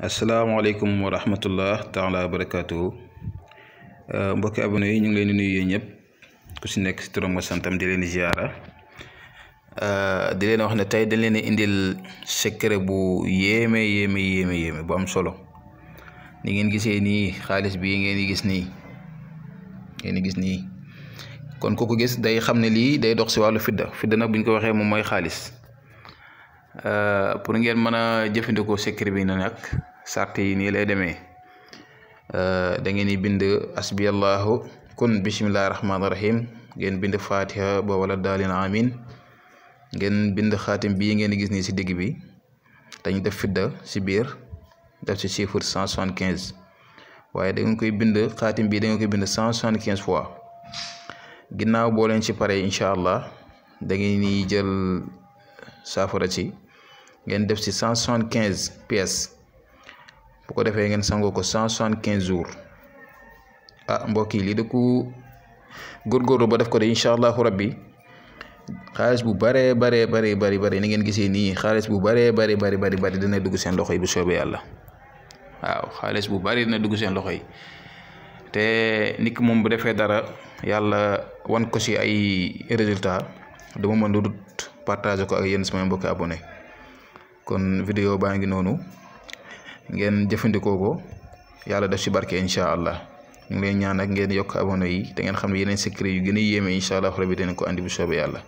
asalaamaaleykum wa rahmatullah taala wa barakaatu euh, mbokki abonné yi ñu ngi leen di nuyu ñëpp ku si nekk si turam nga santam di leen ziara euh, di leen wax ne tey dañ leen indil secret bu yéeme yéeme yéeme yéeme bu am solo ni ngeen gisee nii xaalis bi ngeen di gis nii ngeen gis nii kon ku ko gis day xam ne lii day dox si wàllu fidda fidda nag bu ñu ko waxee moom mooy xaalis euh, pour ngeen mën a jëfandikoo secret bi na nag. sart yi nii lay demee euh, da ngeen bind asbiyallahu kun bisimillahi rahmaani rahim ngeen bind fatiha ba wala daalin amin ngeen bind xaatim bi ngeen gis ni si digg bi dañ def fidda si biir def si chiffre cent soixante waaye da koy bind xaatim bi da ngeen koy bind cent soixante quinze fois ginnaaw boo leen ci pare incha allah da ngeen jël saafara ci ngeen def si cent soixante quinze pièces bu ko defé ngeen sangoo ko 175 jours ah mbokk li de ko gor goru ba def ko de rabbi xaliss bu bare bare bare bare bare ni ngeen gisee ni xaliss bu bare bare bare bare bare dina dugg sen loxoy bu soobee yalla waaw xaliss bu bare dina dugg siang loxoy te nik mom bu ya dara yalla wan ko si ay résultat dama mën do dut partager ko ak yeen sama mbokk abonné kon video baa ngi ngeen jëfandikoo ko yàlla def ci barke incha allah ñu ngi lay ñaan ak ngeen yokk abonné yi te ngeen xam ne yeneen secret yu gën a yéeme incha allah rabi dinañ ko andi bu soobee yàlla.